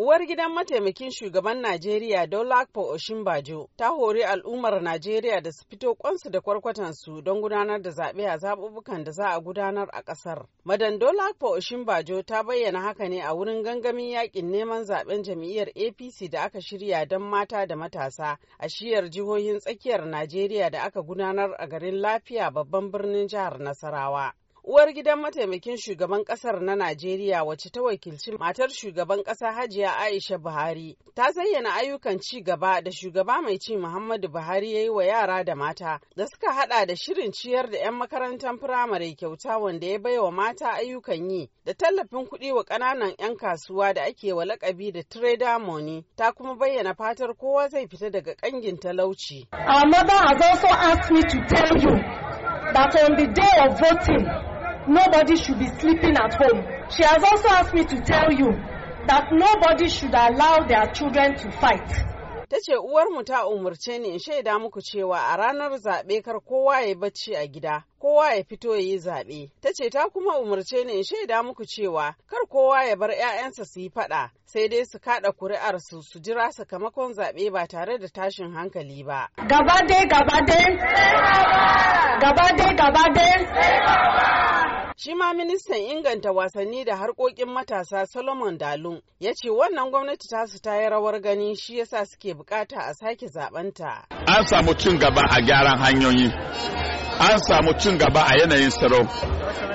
Uwar gidan mataimakin shugaban Najeriya Dolakpo Oshimbajo ta hori al'ummar Najeriya da su fito kwansu da kwarkwatansu don gudanar da zaɓe a zaɓuɓɓukan da za a gudanar a ƙasar. Madan Dolakpo Oshimbajo ta bayyana haka ne a wurin gangamin yaƙin neman zaɓen jam'iyyar APC da aka shirya don mata da matasa a shiyar jihohin tsakiyar Najeriya da aka gudanar a garin Lafiya babban birnin jihar Nasarawa. uwar gidan mataimakin shugaban kasar na Najeriya wacce ta wakilci matar shugaban kasa Hajiya Aisha Buhari ta zayyana ayyukan ci gaba da shugaba mai ci Muhammadu Buhari ya yi wa yara da mata da suka hada da shirin ciyar da 'yan makarantar firamare kyauta wanda ya bai wa mata ayyukan yi da tallafin kuɗi wa ƙananan 'yan kasuwa da ake wa lakabi da trader money ta kuma bayyana fatar kowa zai fita daga ƙangin talauci. Our mother has also asked me to tell you that on the day of voting nobody should be sleeping at home. She has also asked me to tell you that nobody should allow their children to fight. Ta ce uwarmu ta umarce ni in shaida muku cewa a ranar zaɓe kar kowa ya bacci a gida, kowa ya fito ya yi zaɓe. Ta ce ta kuma umarce ni in shaida muku cewa kar kowa ya bar 'ya'yansa su yi faɗa, sai dai su kaɗa kuri'arsu su jira sakamakon zaɓe ba tare da tashin hankali ba. Gaba dai gaba dai, gaba dai gaba dai. Shi ma ministan inganta wasanni da harkokin matasa Solomon Dalun ya ce wannan gwamnati tasu ta yi rawar gani shi yasa suke bukata a sake zabanta An samu cin gaba a gyaran hanyoyi, an samu cin gaba a yanayin tsaro,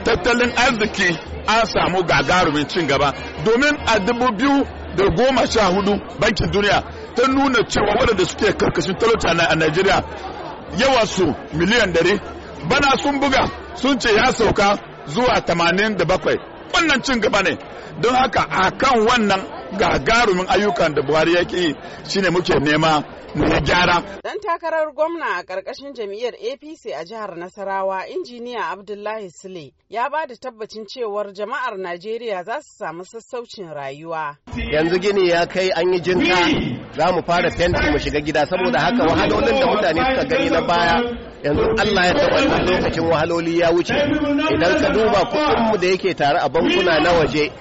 tattalin arziki an samu gagarumin cin gaba domin a dubu biyu da goma sha hudu bankin duniya ta nuna cewa waɗanda suke karkashin talauta a Najeriya yawansu miliyan dare bana sun buga sun ce ya sauka zuwa tamanin 87 wannan cin gaba ne don haka a kan wannan gagarumin ayyukan da buhari yake yi shine muke nema na gyara. Dan takarar gwamna a ƙarƙashin jam'iyyar APC a jihar Nasarawa, injiniya Abdullahi Sule, ya ba da tabbacin cewar jama'ar Najeriya za su samu sassaucin rayuwa. Yanzu gini ya kai an yi jinta za mu fara fenti mu shiga gida saboda haka wahalolin da mutane suka gani na baya yanzu Allah ya taɓa lokacin wahaloli ya wuce idan ka duba kuɗinmu da yake tare a bankuna na waje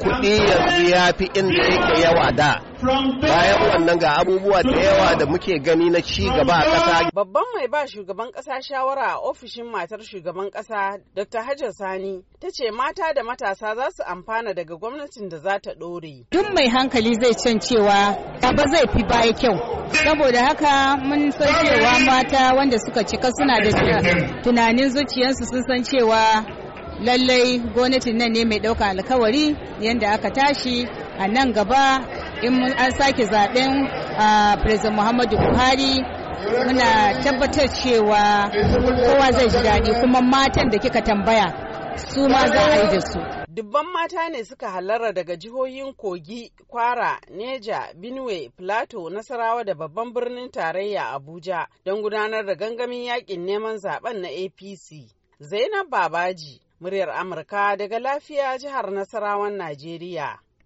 kuɗi yanzu ya fi inda yake yawa da bayan wannan ga abubuwa da yawa da muke gani na ci gaba a ƙasa. Babban mai ba shugaban ƙasa shawara a ofishin matar shugaban ƙasa Dr. Hajar Sani ta ce mata da matasa za su amfana daga gwamnatin da za ta ɗore. Duk mai hankali zai can cewa gaba zai fi baya kyau. Saboda haka mun san cewa mata wanda suka cika suna da tunanin zuciyarsu sun san cewa lallai gwamnatin nan ne mai ɗauka alkawari yadda aka tashi a nan gaba in an sake zaben president muhammadu buhari muna tabbatar cewa kowa zai ji daɗi kuma matan da kika tambaya su ma za a yi da su dubban mata ne suka halarra daga jihohin kogi kwara neja benue plateau nasarawa da babban birnin tarayya abuja don gudanar da gangamin yakin neman zaben na apc zainab babaji Muryar Amurka daga lafiya jihar Nasarawan Najeriya.